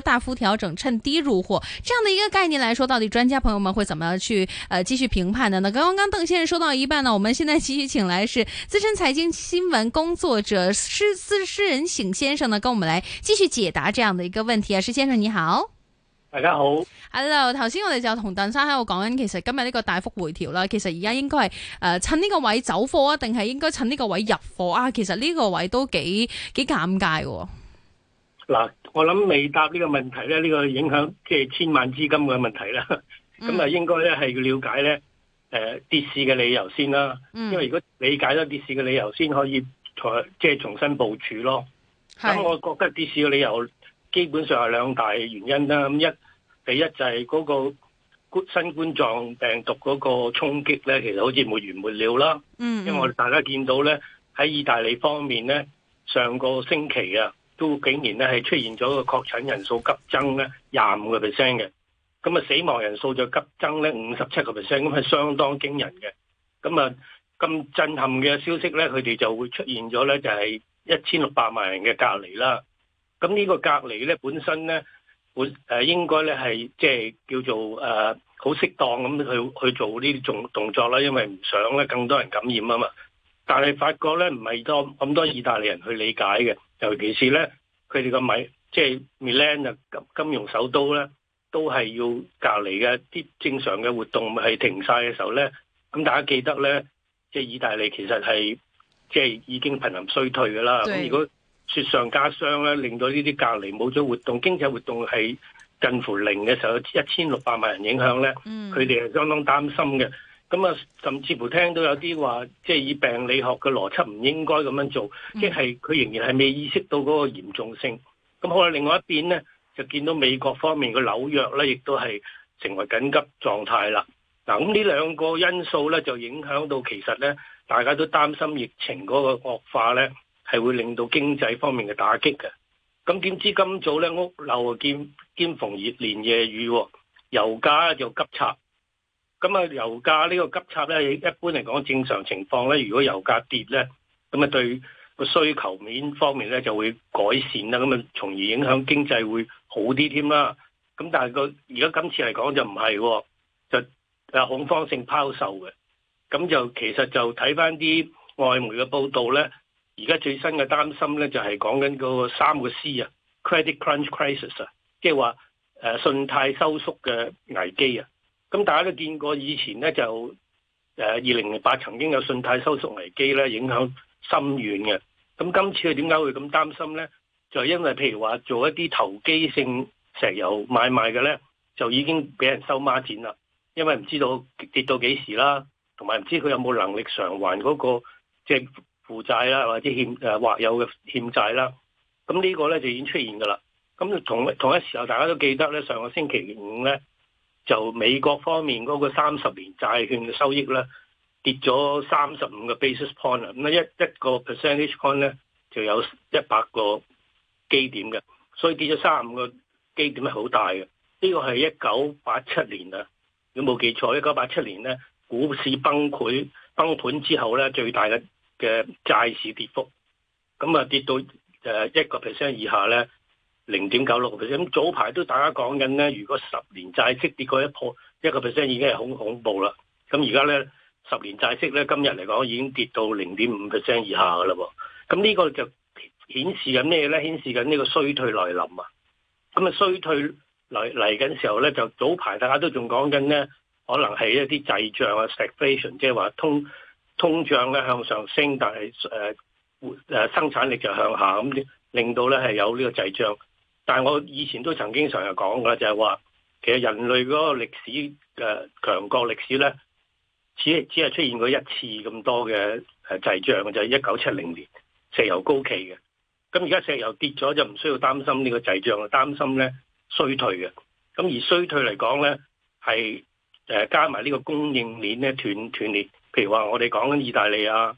大幅調整，趁低入貨這樣的一個概念來說，到底專家朋友們會怎麼樣去呃繼續評判的呢？剛剛鄧先生說到一半呢，我們現在繼續請來是資深財經新聞工作者施施施，施，施仁醒先生呢，跟我們來繼續解答這樣的一個問題啊。施先生你好，大家好，Hello。頭先我哋就同鄧生喺度講緊，其實今日呢個大幅回調啦，其實而家應該係呃趁呢個位走貨啊，定係應該趁呢個位入貨啊？其實呢個位都幾幾尷尬嘅、哦。嗱，我諗未答呢個問題咧，呢、呢個影響即係千萬資金嘅問題啦。咁啊，應該咧係要了解咧，誒、呃、跌市嘅理由先啦。嗯、因為如果理解咗跌市嘅理由先，先可以再即係重新部署咯。咁是我覺得跌市嘅理由基本上係兩大原因啦。咁一第一就係嗰個新冠狀病毒嗰個衝擊咧，其實好似沒完沒了啦。嗯，嗯因為我哋大家見到咧喺意大利方面咧，上個星期啊。都竟然咧係出現咗個確診人數急增咧廿五個 percent 嘅，咁啊死亡人數就急增咧五十七個 percent，咁係相當驚人嘅。咁啊咁震撼嘅消息咧，佢哋就會出現咗咧，就係一千六百萬人嘅隔離啦。咁呢個隔離咧本身咧本誒應該咧係即係叫做誒好適當咁去去做呢啲動動作啦，因為唔想咧更多人感染吖嘛。但係發覺咧唔係多咁多意大利人去理解嘅。尤其是咧，佢哋個米即係米蘭啊金金融首都咧，都係要隔離嘅，啲正常嘅活動咪係停晒嘅時候咧。咁大家記得咧，即係意大利其實係即係已經瀕臨衰退噶啦。咁對如果雪上加霜咧，令到呢啲隔離冇咗活動，經濟活動係近乎零嘅時候，一千六百萬人影響咧，佢哋係相當擔心嘅。咁啊，甚至乎聽到有啲話，即係以病理學嘅邏輯唔應該咁樣做，即係佢仍然係未意識到嗰個嚴重性。咁好啦，另外一邊咧，就見到美國方面嘅紐約咧，亦都係成為緊急狀態啦。嗱，咁呢兩個因素咧，就影響到其實咧，大家都擔心疫情嗰個惡化咧，係會令到經濟方面嘅打擊嘅。咁點知今早咧，屋漏兼兼逢熱連夜雨，油價又急插。咁啊，油價呢個急插咧，一般嚟講正常情況咧，如果油價跌咧，咁啊對個需求面方面咧就會改善啦，咁啊從而影響經濟會好啲添啦。咁但係個而家今次嚟講就唔係、哦，就誒恐慌性拋售嘅。咁就其實就睇返啲外媒嘅報道咧，而家最新嘅擔心咧就係講緊嗰個三個 C 啊，credit crunch crisis 啊，即係話誒信貸收縮嘅危機啊。咁大家都見過以前咧，就誒二零零八曾經有信貸收縮危機咧，影響深遠嘅。咁今次佢點解會咁擔心咧？就係因為譬如話做一啲投機性石油買賣嘅咧，就已經俾人收孖展啦。因為唔知道跌到幾時啦，同埋唔知佢有冇能力償還嗰個即係負債啦，或者欠誒或有嘅欠債啦。咁呢個咧就已經出現㗎啦。咁同同一時候，大家都記得咧，上個星期五咧，就美國方面嗰個三十年債券嘅收益咧，跌咗三十五個 basis point 啦。咁一一個 percentage point 咧，就有一百個基點嘅，所以跌咗三十五個基點係好大嘅。呢個係一九八七年啊，如果冇記錯，一九八七年咧，股市崩潰崩盤之後咧，最大嘅嘅債市跌幅，咁啊跌到誒一個 percent 以下咧。零點九六 percent，咁早排都大家講緊咧，如果十年債息跌過一破一個 percent 已經係好恐怖啦。咁而家咧，十年債息咧今日嚟講已經跌到零點五 percent 以下噶啦。咁呢個就顯示緊咩咧？顯示緊呢個衰退來臨啊。咁啊，衰退嚟嚟緊時候咧，就早排大家都仲講緊咧，可能係一啲滯脹啊，stagflation，s t 即係話通通脹咧向上升，但係誒誒生產力就向下，咁令到咧係有呢個滯脹。但係我以前都曾經常日講過，就係話其實人類嗰個歷史嘅強國歷史咧，只係只係出現過一次咁多嘅誒滯脹嘅，就係一九七零年石油高企嘅。咁而家石油跌咗，就唔需要擔心，個滯擔心呢個滯脹，擔心咧衰退嘅。咁而衰退嚟講咧，係誒加埋呢個供應鏈咧斷斷裂。譬如話我哋講緊意大利啊，誒、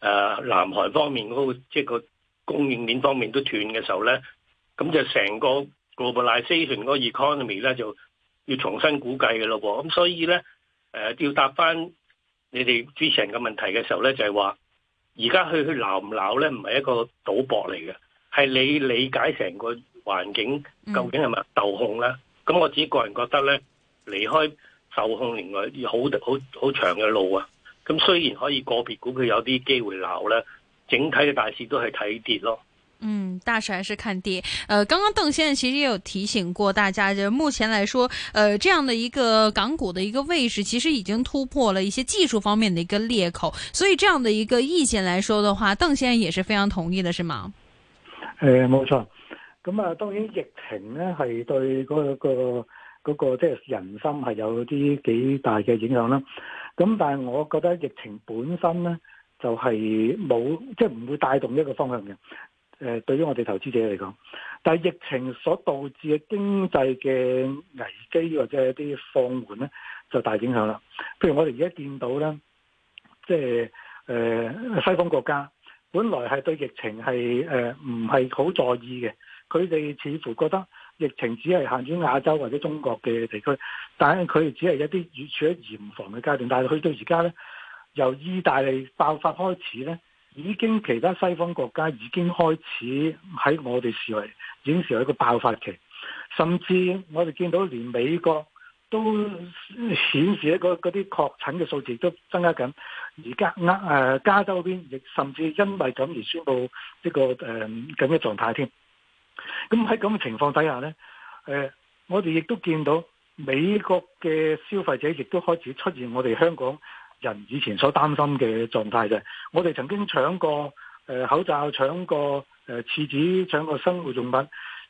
呃、南韓方面嗰、那個即係、就是、個供應鏈方面都斷嘅時候咧。咁就成個 globalization 嗰個 economy 咧，就要重新估計嘅咯喎。咁所以咧，誒要答翻你哋主持人嘅問題嘅時候咧，就係話，而家去去撈唔撈咧，唔係一個賭博嚟嘅，係你理解成個環境究竟係咪受控咧？咁我自己個人覺得咧，離開受控，另外要好好好長嘅路啊。咁雖然可以個別股佢有啲機會撈咧，整體嘅大市都係睇跌咯。嗯，大市還是看跌。呃，剛剛鄧先生其實也有提醒過大家，就是，目前來說，呃，這樣的一個港股的一個位置，其實已經突破了一些技術方面的一個裂口。所以這樣的一個意見來說的話，鄧先生也是非常同意的，是嗎？誒冇錯，咁啊，嗯、當然疫情呢係對嗰、嗰個、嗰個即係人心係有啲幾大嘅影響啦。咁但係我覺得疫情本身呢，就係冇即係唔會帶動一個方向嘅。誒對於我哋投資者嚟講，但係疫情所導致嘅經濟嘅危機或者一啲放緩咧，就大影響啦。譬如我哋而家見到咧，即係誒西方國家，本來係對疫情係誒唔係好在意嘅，佢哋似乎覺得疫情只係限於亞洲或者中國嘅地區，但係佢哋只係一啲處於嚴防嘅階段。但係去到而家咧，由意大利爆發開始咧。已經其他西方國家已經開始喺我哋視為已經視為一個爆發期，甚至我哋見到連美國都顯示一個嗰啲確診嘅數字都增加緊，而家呃誒加州嗰邊亦甚至因為咁而宣布一、這個誒緊急狀態添。咁喺咁嘅情況底下呢，誒、呃、我哋亦都見到美國嘅消費者亦都開始出現我哋香港。人以前所擔心嘅狀態嘅，我哋曾經搶過誒、呃、口罩，搶過誒廁紙，搶過生活用品，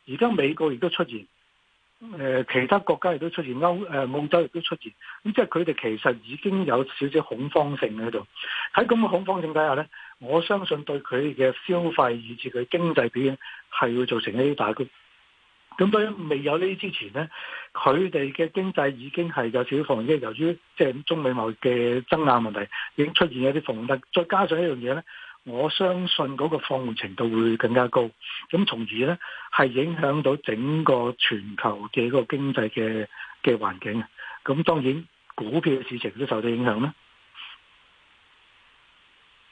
而家美國亦都出現，誒、呃、其他國家亦都出現，歐誒、呃、澳洲亦都出現，咁即係佢哋其實已經有少少恐慌性喺度。喺咁嘅恐慌性底下呢，我相信對佢嘅消費，以至佢經濟表現，係會造成一啲大。咁所以未有呢啲之前咧，佢哋嘅經濟已經係有少少放緩，即係由於即係中美貿易嘅爭拗問題已經出現一啲放慢，再加上一樣嘢咧，我相信嗰個放緩程度會更加高，咁從而咧係影響到整個全球嘅一個經濟嘅嘅環境。咁當然股票嘅事情都受到影響咧。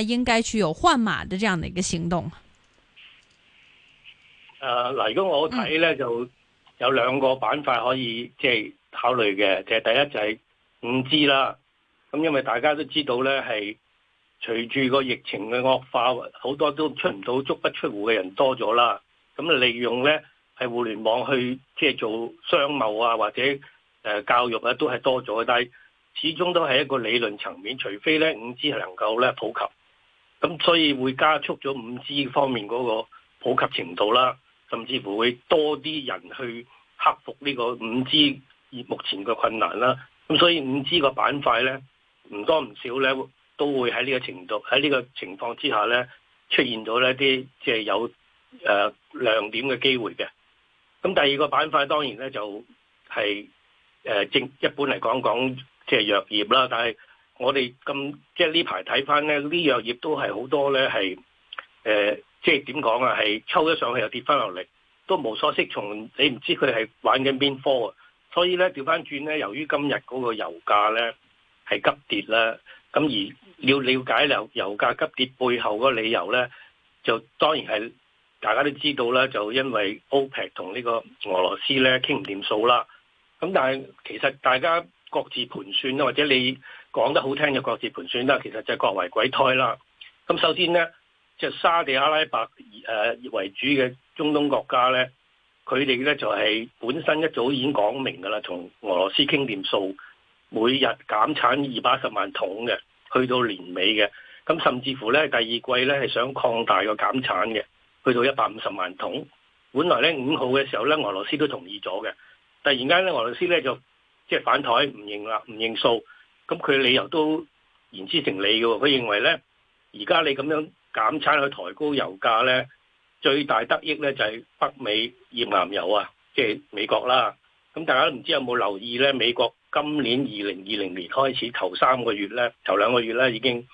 應該去有換馬的這樣的一個行動。誒，嗱，如果我睇咧，嗯，就有兩個板塊可以即係考慮嘅，就係、是，第一就係五 G 啦。咁、嗯、因為大家都知道咧，係隨住個疫情嘅惡化，好多都出唔到足不出戶嘅人多咗啦。咁、嗯、利用咧係互聯網去即係、就是、做商貿啊，或者誒、呃、教育啊，都係多咗。但係始終都係一個理論層面，除非咧五 G 係能夠咧普及。咁所以會加速咗五 G 方面嗰個普及程度啦，甚至乎會多啲人去克服呢個五 G 目前嘅困難啦。咁所以五 G 個板塊咧，唔多唔少咧都會喺呢個程度，喺呢個情況之下咧，出現咗呢啲即係有誒、呃、亮點嘅機會嘅。咁第二個板塊當然咧，就係誒正一般嚟講講，即係藥業啦，但係。我哋咁即係呢排睇翻咧，呢樣業都係好多咧，係誒、呃，即係點講啊？係抽咗上去又跌翻落嚟，都無所適從。你唔知佢哋係玩緊邊科啊？所以咧，調翻轉咧，由於今日嗰個油價咧係急跌啦，咁而要了解油油價急跌背後嗰個理由咧，就當然係大家都知道啦，就因為 OPEC 同呢個俄羅斯咧傾唔掂數啦。咁但係其實大家各自盤算，或者你。講得好聽嘅各自盤算啦，其實就係各為鬼胎啦。咁首先呢，即係沙地阿拉伯以誒為主嘅中東國家呢，佢哋呢就係本身一早已經講明噶啦，同俄羅斯傾掂數，每日減產二百十萬桶嘅，去到年尾嘅。咁甚至乎呢，第二季呢係想擴大個減產嘅，去到一百五十萬桶。本來呢五號嘅時候呢，俄羅斯都同意咗嘅，突然間呢，俄羅斯呢就即係反台，唔認啦，唔認數。咁佢理由都言之成理嘅，哦，佢認為咧，而家你咁樣減產去抬高油價咧，最大得益咧就係、是、北美頁岩油啊，即、就、係、是、美國啦。咁大家都唔知有冇留意咧，美國今年二零二零年開始頭三個月咧，頭兩個月咧已經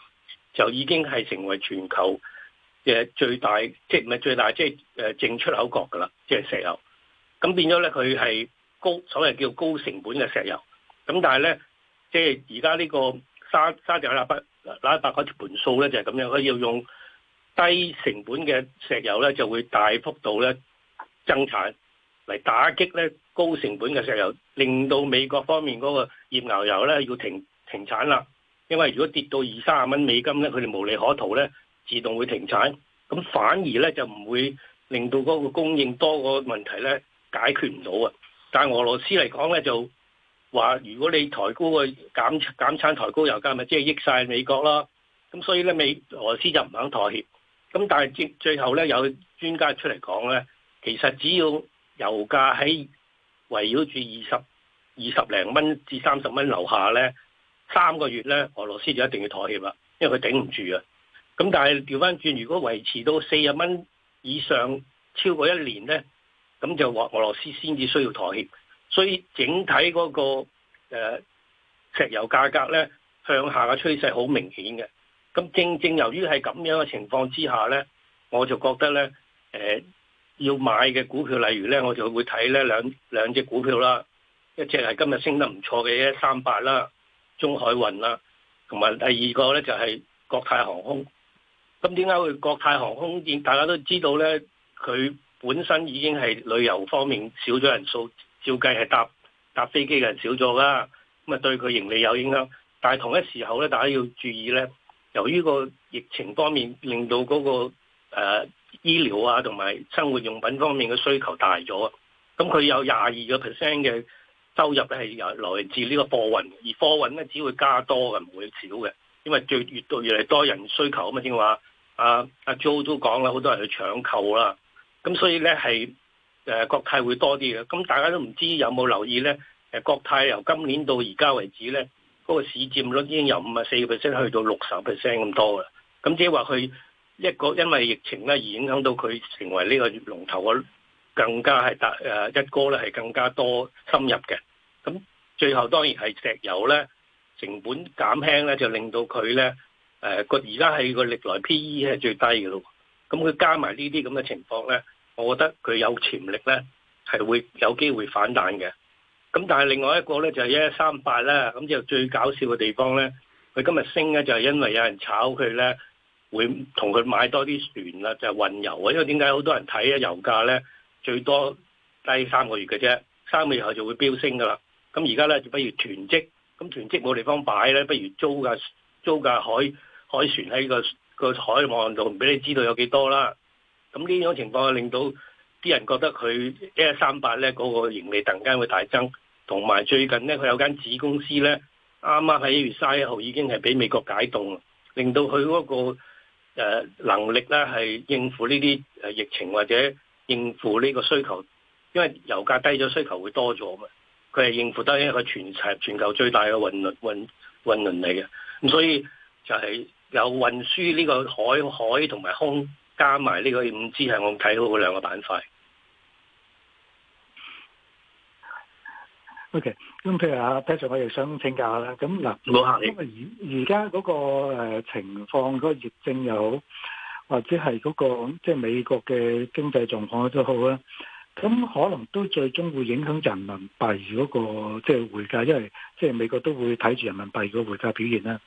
就已經係成為全球嘅最大，即係唔係最大，即係誒淨出口國噶啦，即、就、係、是、石油。咁變咗咧，佢係高所謂叫高成本嘅石油。咁但係咧。即係而家呢個沙沙特阿拉伯阿拉伯嗰條盤數咧就係咁樣，佢要用低成本嘅石油咧就會大幅度咧增產嚟打擊咧高成本嘅石油，令到美國方面嗰個頁巖油咧要停停產啦。因為如果跌到二三十蚊美金咧，佢哋無利可圖咧，自動會停產。咁反而咧就唔會令到嗰個供應多個問題咧解決唔到啊。但係俄羅斯嚟講咧就。話如果你抬高個減減產，抬高油價，咪即係益晒美國咯。咁所以咧，美俄羅斯就唔肯妥協。咁但係最最後咧，有專家出嚟講咧，其實只要油價喺圍繞住二十二十零蚊至三十蚊樓下咧，三個月咧，俄羅斯就一定要妥協啦，因為佢頂唔住啊。咁但係調翻轉，如果維持到四十蚊以上超過一年咧，咁就俄俄羅斯先至需要妥協。所以整體嗰個石油價格咧，向下嘅趨勢好明顯嘅。咁正正由於係咁樣嘅情況之下咧，我就覺得咧，誒、呃、要買嘅股票，例如咧我就會睇咧兩兩隻股票啦，一隻係今日升得唔錯嘅一三八啦，中海運啦，同埋第二個咧就係、是、國泰航空。咁點解會國泰航空？見大家都知道咧，佢本身已經係旅遊方面少咗人數。照計係搭搭飛機嘅人少咗啦，咁啊對佢盈利有影響。但係同一時候咧，大家要注意咧，由於呢個疫情方面令到嗰、那個誒、呃、醫療啊同埋生活用品方面嘅需求大咗，咁佢有廿二個 percent 嘅收入咧係由來自呢個貨運，而貨運咧只會加多嘅，唔會少嘅，因為越越到越嚟多人需求啊嘛，先話阿阿 Joe 都講啦，好多人去搶購啦，咁所以咧係。誒、呃、國泰會多啲嘅，咁、嗯、大家都唔知有冇留意咧？誒、呃、國泰由今年到而家為止咧，嗰、那個市佔率已經由五十四個 percent 去到六十 percent 咁多嘅，咁即係話佢一個因為疫情咧而影響到佢成為呢個龍頭嘅更加係大誒、呃、一哥咧，係更加多深入嘅。咁、嗯、最後當然係石油咧成本減輕咧，就令到佢咧誒個而家係個歷來 P E 係最低嘅咯。咁、嗯、佢加埋呢啲咁嘅情況咧。我覺得佢有潛力呢，係會有機會反彈嘅。咁但係另外一個呢，就係一一三八啦。咁就最搞笑嘅地方呢，佢今日升呢，就係因為有人炒佢呢，會同佢買多啲船啦，就係運油啊。因為點解好多人睇啊？油價呢，最多低三個月嘅啫，三個月後就會飆升噶啦。咁而家呢，就不如囤積，咁囤積冇地方擺呢，不如租架租架海海船喺個個海岸度，唔俾你知道有幾多啦。咁呢種情況令到啲人覺得佢，一一三八咧嗰個盈利突然間會大增，同埋最近咧佢有間子公司咧啱啱喺一月三十一號已經係俾美國解凍，令到佢嗰個能力咧係應付呢啲誒疫情或者應付呢個需求，因為油價低咗需求會多咗啊嘛，佢係應付得一個全全球最大嘅運輪運運運嚟嘅，咁所以就係有運輸呢個海海同埋空。加埋呢個五支，係我睇好嗰兩個板塊。OK，咁譬如啊，Peter，我哋想請教下啦。咁嗱，老客，而而家嗰個誒情況，嗰、那個疫症又好，或者係嗰、那個即係、就是、美國嘅經濟狀況都好啦。咁可能都最終會影響人民幣嗰、那個即係匯價，因為即係、就是、美國都會睇住人民幣嘅匯價表現啦。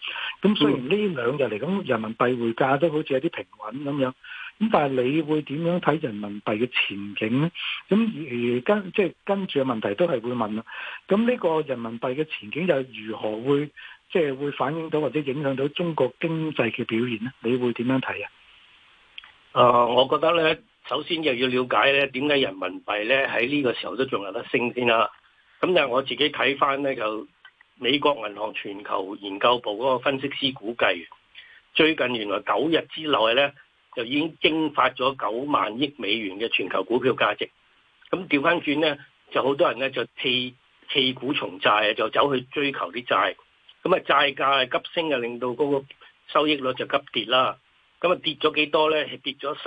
咁雖然呢兩日嚟，咁、嗯、人民幣匯價都好似有啲平穩咁樣。咁但係你會點樣睇人民幣嘅前景呢？咁、嗯、而家即係、就是、跟住嘅問題都係會問啦。咁呢個人民幣嘅前景又如何會即係、就是、會反映到或者影響到中國經濟嘅表現呢？你會點樣睇啊？誒、呃，我覺得呢，首先又要了解呢，點解人民幣呢喺呢個時候都仲有得升先啦。咁但係我自己睇返呢，就美國銀行全球研究部嗰個分析師估計，最近原來九日之內呢。就已經蒸發咗九萬億美元嘅全球股票價值，咁調返轉咧，就好多人咧就棄棄股從債，就走去追求啲債，咁啊債價急升，又令到嗰個收益率就急跌啦。咁啊跌咗幾多咧？係跌咗十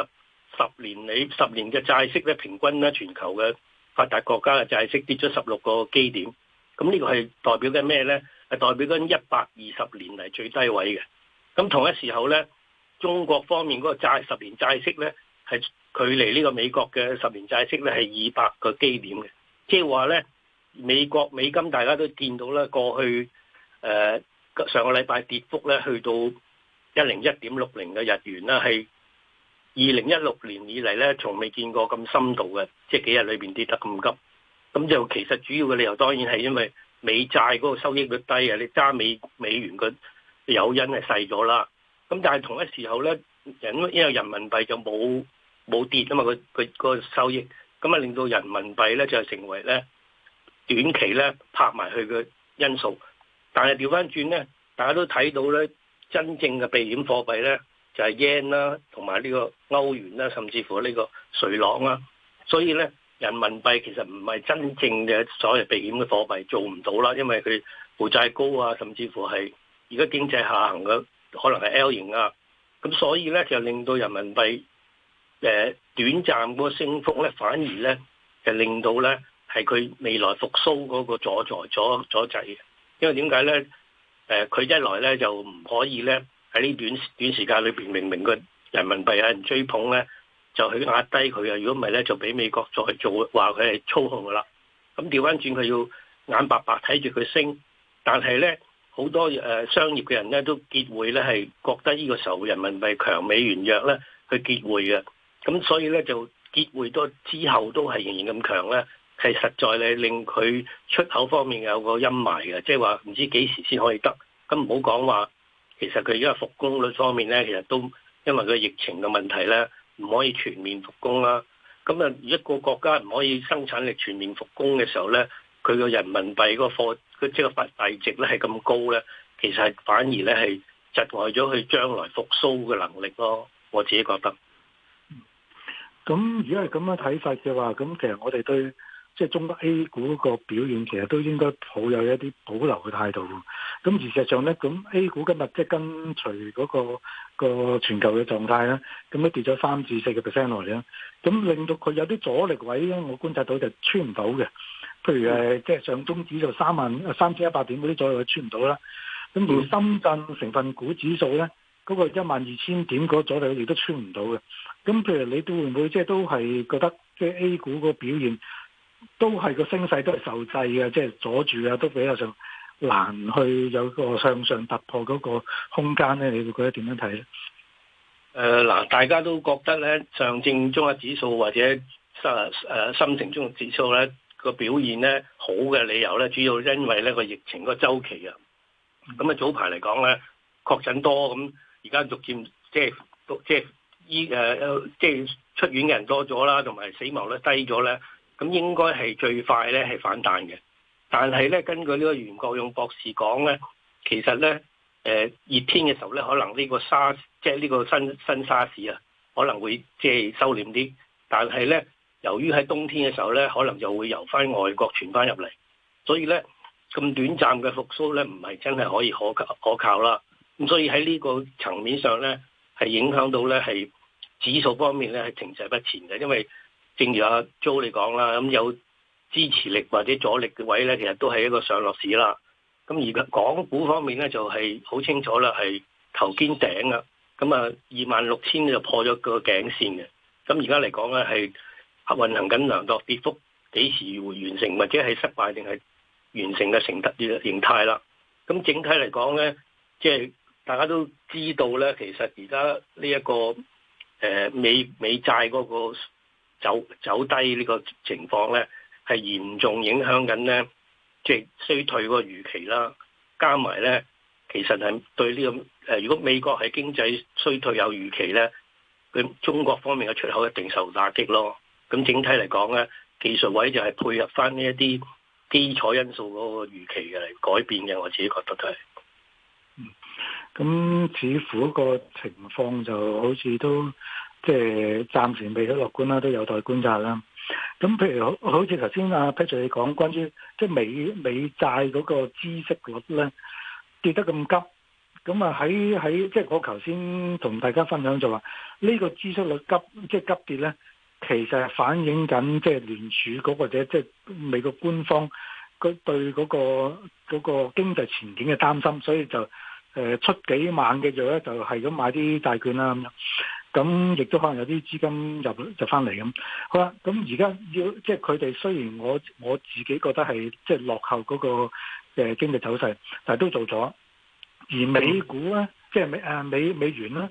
十年嚟十年嘅債息咧，平均咧全球嘅發達國家嘅債息跌咗十六個基點。咁呢個係代表緊咩咧？係代表緊一百二十年嚟最低位嘅。咁同一時候咧。中國方面嗰個債十年債息咧，係距離呢個美國嘅十年債息咧係二百個基點嘅，即係話咧美國美金大家都見到咧，過去誒、呃、上個禮拜跌幅咧去到一零一點六零嘅日元啦，係二零一六年以嚟咧從未見過咁深度嘅，即係幾日裏邊跌得咁急。咁就其實主要嘅理由當然係因為美債嗰個收益率低啊，你揸美美元嘅誘因係細咗啦。咁但係同一時候咧，因因為人民幣就冇冇跌啊嘛，佢佢個收益，咁啊令到人民幣咧就成為咧短期咧拍埋去嘅因素。但係調翻轉咧，大家都睇到咧，真正嘅避險貨幣咧就係 yen 啦，同埋呢個歐元啦、啊，甚至乎呢個瑞郎啦、啊。所以咧，人民幣其實唔係真正嘅所謂避險嘅貨幣，做唔到啦，因為佢負債高啊，甚至乎係而家經濟下行嘅。可能係 L 型啊，咁所以咧就令到人民幣誒、呃、短暫嗰個升幅咧，反而咧就令到咧係佢未來復甦嗰個阻阻阻，阻阻阻阻滯嘅。因為點解咧？誒、呃，佢一來咧就唔可以咧喺呢短短時間裏邊明明個人民幣有人追捧咧，就去壓低佢啊！如果唔係咧，就俾美國再做話佢係操控噶啦。咁調翻轉佢要眼白白睇住佢升，但係咧。好多誒商業嘅人咧都結匯咧，係覺得呢個時候人民幣強美元弱咧去結匯嘅，咁所以咧就結匯多之後都係仍然咁強咧，係實在你令佢出口方面有個陰霾嘅，即係話唔知幾時先可以得。咁唔好講話，其實佢而家係復工率方面咧，其實都因為佢疫情嘅問題咧，唔可以全面復工啦。咁啊，一個國家唔可以生產力全面復工嘅時候咧，佢個人民幣個貨。佢即係個負債值咧係咁高咧，其實反而咧係窒礙咗佢將來復甦嘅能力咯。我自己覺得。咁、嗯、如果係咁樣睇法嘅話，咁其實我哋對即係、就是、中國 A 股個表現，其實都應該抱有一啲保留嘅態度。咁事實上咧，咁 A 股今日即係跟隨嗰、那個那個全球嘅狀態啦，咁咧跌咗三至四個 percent 落嚟啦。咁令到佢有啲阻力位咧，我觀察到就穿唔到嘅。譬如誒，即係上中指就三萬三千一百點嗰啲左右穿，穿唔到啦。跟住深圳成分股指數咧，嗰個一萬二千點左右，亦都穿唔到嘅。咁譬如你都會唔會即係都係覺得，即係 A 股個表現都係個升勢都係受制嘅，即係阻住啊，都比較上難去有個向上突破嗰個空間咧。你會覺得點樣睇咧？誒嗱、呃，大家都覺得咧，上證綜合指數或者誒誒、呃、深證綜合指數咧。個表現咧好嘅理由咧，主要因為咧個疫情個週期啊。咁、嗯、啊、嗯、早排嚟講咧，確診多，咁而家逐漸即係即係醫誒即係、呃、出院嘅人多咗啦，同埋死亡率低咗咧，咁應該係最快咧係反彈嘅。但係咧，根據呢個袁國勇博士講咧，其實咧誒、呃、熱天嘅時候咧，可能呢個沙士即係呢個新新沙士啊，可能會即係收斂啲，但係咧，由於喺冬天嘅時候咧，可能就會由翻外國傳翻入嚟，所以咧咁短暫嘅復甦咧，唔係真係可以可靠可靠啦。咁所以喺呢個層面上咧，係影響到咧係指數方面咧係停滯不前嘅，因為正如阿 Jo 你講啦，咁有支持力或者阻力嘅位咧，其實都係一個上落市啦。咁而個港股方面咧，就係、是、好清楚啦，係頭肩頂啊。咁啊，二萬六千就破咗個頸線嘅。咁而家嚟講咧，係核運行緊量度跌幅幾時會完成，或者係失敗定係完成嘅成得啲形態啦。咁整體嚟講咧，即係大家都知道咧，其實而家呢一個誒美美債嗰個走走低呢個情況咧，係嚴重影響緊咧，即係衰退嗰個預期啦。加埋咧，其實係對呢個誒，如果美國係經濟衰退有預期咧，佢中國方面嘅出口一定受打擊咯。咁整體嚟講咧，技術位就係配合翻呢一啲基礎因素嗰個預期嚟改變嘅，我自己覺得都係。咁、嗯、似乎個情況就好似都即係暫時未得樂觀啦，都有待觀察啦。咁譬如好似頭先阿、啊、Patrick 你講關於即係美美債嗰個孳息率咧跌得咁急，咁啊喺喺即係我頭先同大家分享就話呢個孳息率急即係、就是、急跌咧。其實係反映緊即係聯儲、嗰個者，即、就、係、是、美國官方對、嗰個對嗰個嗰個經濟前景嘅擔心，所以就誒出幾萬嘅藥咧，就係咁買啲債券啦咁樣。咁亦都可能有啲資金入就翻嚟咁。好啦，咁而家要即係佢哋雖然我我自己覺得係即係落後嗰個嘅經濟走勢，但係都做咗。而美股咧，明白。即係美誒、啊、美美元咧，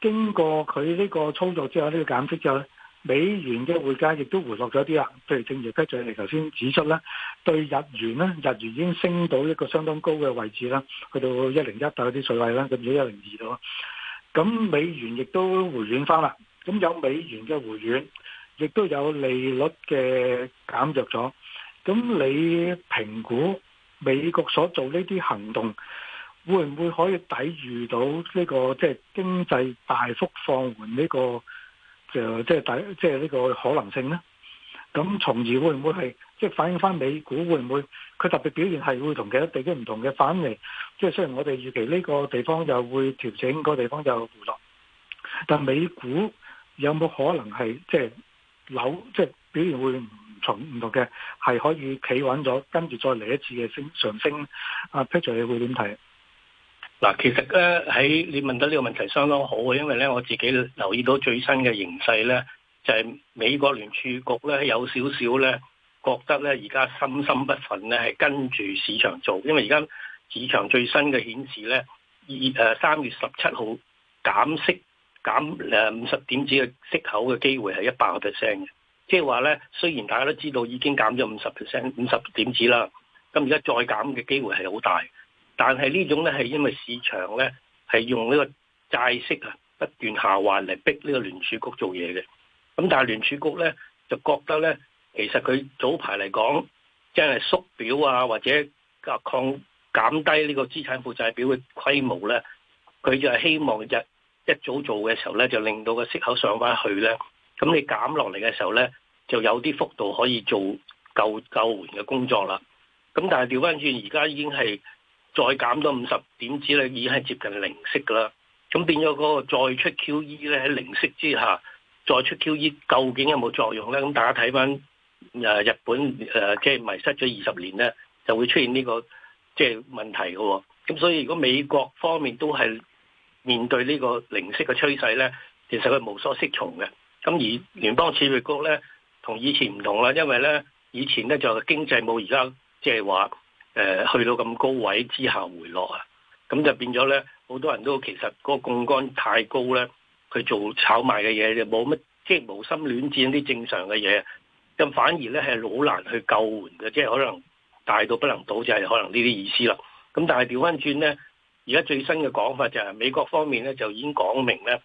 經過佢呢個操作之後，呢、呢個減息之後。美元嘅匯價亦都回落咗啲啦，譬如正如 p a 你 r 頭先指出咧，對日元咧，日元已經升到一個相當高嘅位置啦，去到一零一啊啲水位啦，甚至一零二度。咁美元亦都回暖翻啦，咁有美元嘅回暖，亦都有利率嘅減弱咗。咁你評估美國所做呢啲行動，會唔會可以抵禦到呢、這個即係經濟大幅放緩呢、這個？就即係大，即係呢個可能性咧。咁，從而會唔會係即係反映翻美股會唔會佢特別表現係會同其他地區唔同嘅反嚟？即係雖然我哋預期呢個地方就會調整，嗰個地方就回落，但美股有冇可能係即係扭即係表現會唔同唔同嘅？係可以企穩咗，跟住再嚟一次嘅升上升？阿、啊、Patrick 你會點睇？嗱，其實咧，喺你問到呢個問題相當好嘅，因為咧我自己留意到最新嘅形勢咧，就係、是、美國聯儲局咧有少少咧覺得咧而家心心不忿咧係跟住市場做，因為而家市場最新嘅顯示咧二誒三月十七號減息減誒五十點子嘅息口嘅機會係一百個 percent 嘅，即係話咧雖然大家都知道已經減咗五十 percent 五十點子啦，咁而家再減嘅機會係好大。但係呢種呢，係因為市場呢，係用呢個債息啊不斷下滑嚟逼呢個聯儲局做嘢嘅，咁但係聯儲局呢，就覺得呢，其實佢早排嚟講真係縮表啊，或者啊減低呢個資產負債表嘅規模呢，佢就係希望就一,一早做嘅時候呢，就令到個息口上翻去呢。咁你減落嚟嘅時候呢，就有啲幅度可以做救救援嘅工作啦。咁但係調翻轉而家已經係。再減到五十點子咧，已經係接近零息㗎喇。咁變咗嗰個再出 QE 咧，喺零息之下再出 QE，究竟有冇作用咧？咁大家睇返誒日本誒即係迷失咗二十年咧，就會出現呢個即係、就是、問題嘅、哦。咁所以如果美國方面都係面對呢個零息嘅趨勢咧，其實佢無所適從嘅。咁而聯邦儲備局咧同以前唔同啦，因為咧以前咧就是、經濟冇而家即係話。誒、呃、去到咁高位之下回落啊，咁就變咗咧，好多人都其實嗰個槓桿太高咧，去做炒賣嘅嘢就冇乜，即係無心戀戰啲正常嘅嘢，咁反而咧係好難去救援嘅，即係可能大到不能倒，就係可能呢啲意思啦。咁但係調翻轉咧，而家最新嘅講法就係美國方面咧就已經講明咧，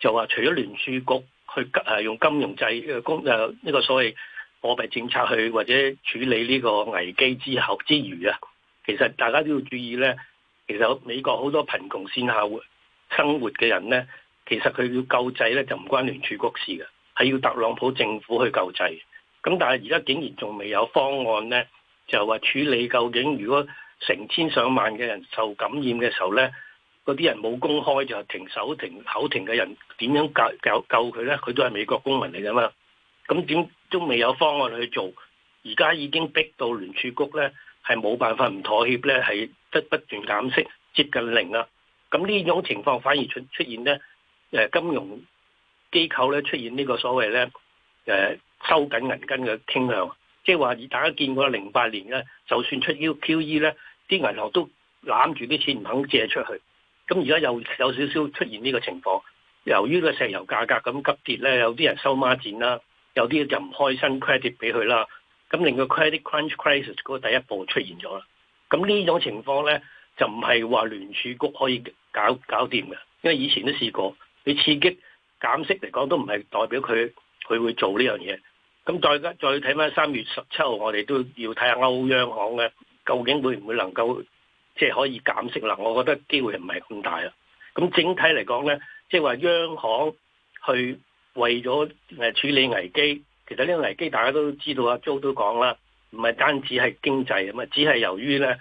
就話除咗聯儲局去誒用金融制公誒呢個所謂。貨幣政策去或者處理呢個危機之後之餘啊，其實大家都要注意咧。其實美國好多貧窮線下活生活嘅人咧，其實佢要救濟咧就唔關聯儲局事嘅，係要特朗普政府去救濟。咁但係而家竟然仲未有方案咧，就話處理究竟如果成千上萬嘅人受感染嘅時候咧，嗰啲人冇工開就係停手停口停嘅人點樣救救救佢咧？佢都係美國公民嚟㗎嘛，咁點。都未有方案去做，而家已經逼到聯儲局咧係冇辦法唔妥協咧，係得不，不斷減息接近零啦。咁呢種情況反而出出現咧，誒金融機構咧出現呢個所謂咧誒收緊銀根嘅傾向，即係話大家見過零八年咧，就算出 QE 咧，啲銀行都攬住啲錢唔肯借出去。咁而家又有少少出現呢個情況，由於個石油價格咁急跌咧，有啲人收孖展啦。有啲就唔開心 credit 俾佢啦，咁令到 credit crunch crisis 嗰個第一步出現咗啦。咁呢種情況咧，就唔係話聯儲局可以搞搞掂嘅，因為以前都試過，你刺激減息嚟講都唔係代表佢佢會做呢樣嘢。咁再一再睇翻三月十七號，我哋都要睇下歐央行嘅究竟會唔會能夠即係可以減息啦。我覺得機會唔係咁大啦。咁整體嚟講咧，即係話央行去。為咗誒處理危機，其實呢個危機大家都知道，阿 Joe 都講啦，唔係單止係經濟啊嘛，只係由於咧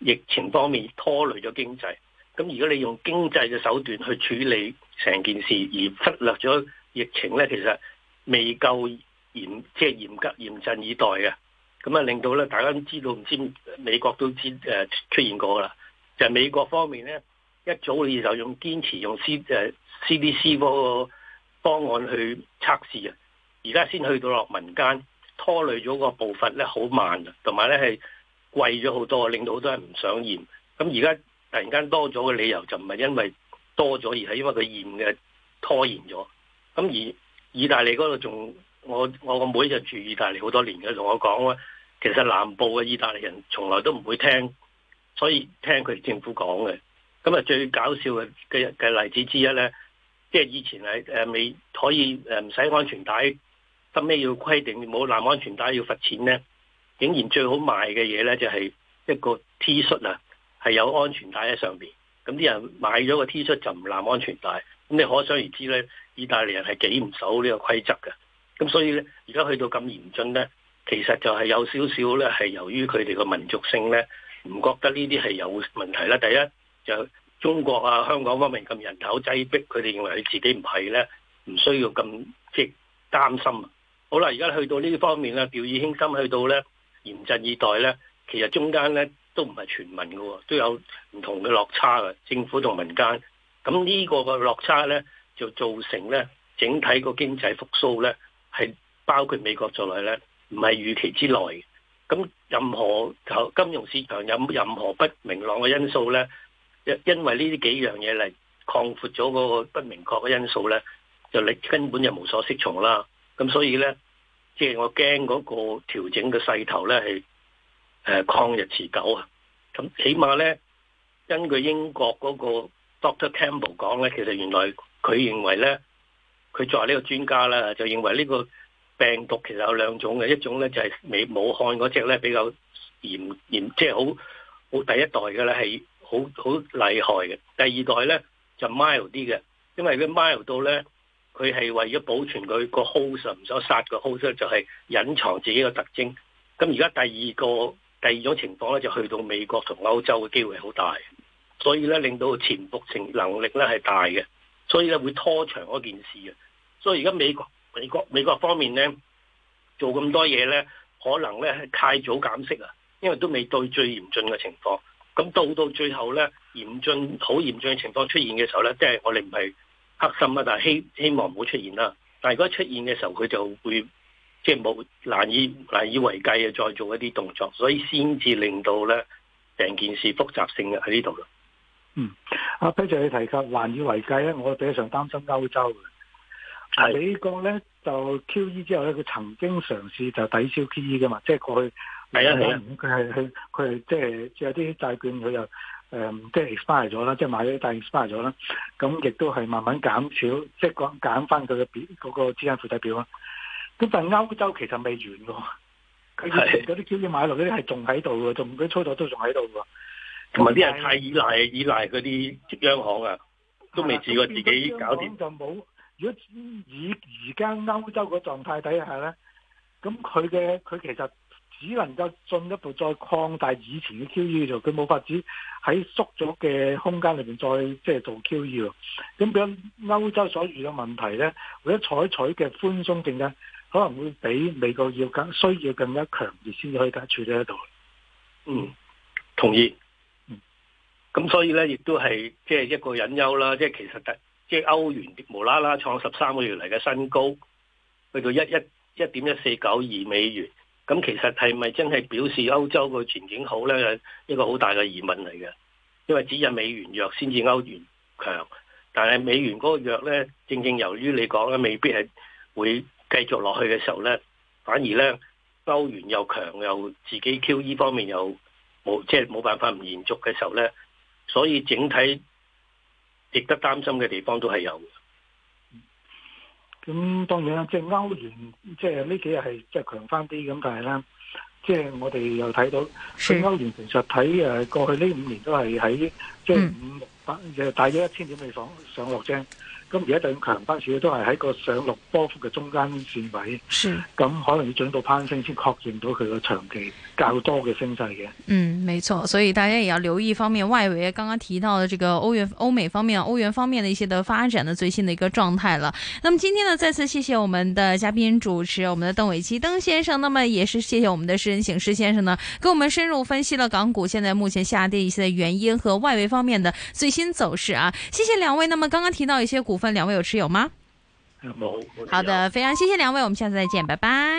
疫情方面拖累咗經濟。咁如果你用經濟嘅手段去處理成件事，而忽略咗疫情咧，其實未夠嚴，即係嚴格嚴陣以待嘅。咁啊，令到咧大家都知道，唔知美國都知誒、呃、出現過啦。就係，美國方面咧，一早你就用堅持用 C 誒 CDC 嗰個。方案去測試啊！而家先去到落民間，拖累咗個步伐咧好慢，同埋咧係貴咗好多，令到好多人唔想驗。咁而家突然間多咗嘅理由就唔係因為多咗，而係因為佢驗嘅拖延咗。咁而意大利嗰度仲，我我個妹就住意大利好多年嘅，同我講咧，其實南部嘅意大利人從來都唔會聽，所以聽佢哋政府講嘅。咁啊最搞笑嘅嘅嘅例子之一咧。即係以前係誒未可以誒唔使安全帶，後咩要規定冇攬安全帶要罰錢咧。竟然最好賣嘅嘢咧就係一個 T 恤啊，係有安全帶喺上邊。咁啲人買咗個 T 恤就唔攬安全帶。咁你可想而知咧，意大利人係幾唔守呢個規則嘅。咁所以咧，而家去到咁嚴峻咧，其實就係有少少咧係由於佢哋個民族性咧唔覺得呢啲係有問題啦。第一就。中國啊，香港方面咁人口擠迫，佢哋認為佢自己唔係呢，唔需要咁即係擔心。好啦，而家去到呢方面呢，掉以輕心去到呢，嚴陣以待呢，其實中間呢都唔係全民嘅，都有唔同嘅落差嘅政府同民間。咁呢個嘅落差呢就造成呢整體個經濟復甦呢，係包括美國在內呢，唔係預期之內嘅。咁任何金融市場有任何不明朗嘅因素呢？因為呢啲幾樣嘢嚟擴闊咗嗰個不明確嘅因素咧，就你根本就無所適從啦。咁所以咧，即係我驚嗰個調整嘅勢頭咧係誒抗日持久啊。咁起碼咧，根據英國嗰個 Doctor Campbell 講咧，其實原來佢認為咧，佢作為呢個專家啦，就認為呢個病毒其實有兩種嘅，一種咧就係武漢嗰隻咧比較嚴嚴，即係好好第一代嘅咧係。好好厲害嘅，第二代咧就 mild 啲嘅，因為佢 mild 到咧，佢係為咗保存佢個 host 唔想殺個 host，u 就係隱藏自己嘅特徵。咁而家第二個第二種情況咧就去到美國同歐洲嘅機會係好大，所以咧令到潛伏性能力咧係大嘅，所以咧會拖長嗰件事嘅。所以而家美國美國美國方面咧做咁多嘢咧，可能咧係太早減息啊，因為都未到最嚴峻嘅情況。咁到到最後咧，嚴峻好嚴重嘅情況出現嘅時候咧，即係我哋唔係黑心啊，但係希希望唔好出現啦。但係如果出現嘅時候，佢就會即係冇難以難以為繼啊，再做一啲動作，所以先至令到咧成件事複雜性嘅喺呢度。嗯，阿 Peter 你提及難以為繼咧，我比較上擔心歐洲嘅美國咧，就 QE 之後咧，佢曾經嘗試就抵消 QE 嘅嘛，即係過去。係啊，佢係佢佢係即係，就是就是、有啲債券佢又誒，即係 expire 咗啦，即、就、係、是就是、買啲債 expire 咗啦，咁亦都係慢慢減少，即、就、係、是、減減翻佢嘅表嗰、那個資產負債表啊。咁但係歐洲其實未完嘅喎，佢以前嗰啲交易買落嗰啲係仲喺度嘅，仲佢操作都仲喺度嘅，同埋啲人太依賴依賴嗰啲央行啊，都未試過自己搞掂、啊、就冇。如果以而家歐洲嘅狀態底下咧，咁佢嘅佢其實。只能夠進一步再擴大以前嘅 QE 就佢冇法子喺縮咗嘅空間裏邊再即係做 QE 咯。咁樣歐洲所遇到問題咧，佢採取嘅寬鬆政策可能會比美國要更需要更加強烈先至可以解決得到。嗯，同意。嗯，咁所以咧，亦都係即係一個隱憂啦。即係其實即係歐元無啦啦創十三個月嚟嘅新高，去到一一一點一四九二美元。咁其實係咪真係表示歐洲個前景好呢？一個好大嘅疑問嚟嘅，因為只有美元弱先至歐元強，但係美元嗰個弱呢，正正由於你講呢，未必係會繼續落去嘅時候呢，反而呢，歐元又強又自己 QE 方面又冇即係冇辦法唔延續嘅時候呢，所以整體值得擔心嘅地方都係有。咁、嗯、當然啦，即係歐元，即係呢幾日係即係強返啲咁，但係咧，即係我哋又睇到歐元其實睇誒過去呢五年都係喺即係五六百，誒大約一千點未上上，上落啫。咁而家等強翻時咧，都係喺個上落波幅嘅中間線位，咁可能要等到攀升先確認到佢個長期較多嘅升勢嘅。嗯，冇錯，所以大家也要留意方面，外圍剛剛提到嘅這個歐元、歐美方面、歐元方面的一些嘅發展的最新的一個狀態啦。那麼今天呢，再次謝謝我們的嘉賓主持，我們的鄧偉基鄧先生，那麼也是謝謝我們的施仁醒施先生呢，跟我們深入分析了港股現在目前下跌一些的原因和外圍方面的最新走勢啊。謝謝兩位。那麼剛剛提到一些股。分兩位有持有嗎？沒有。好的，非常謝謝兩位，我們下次再見，拜拜。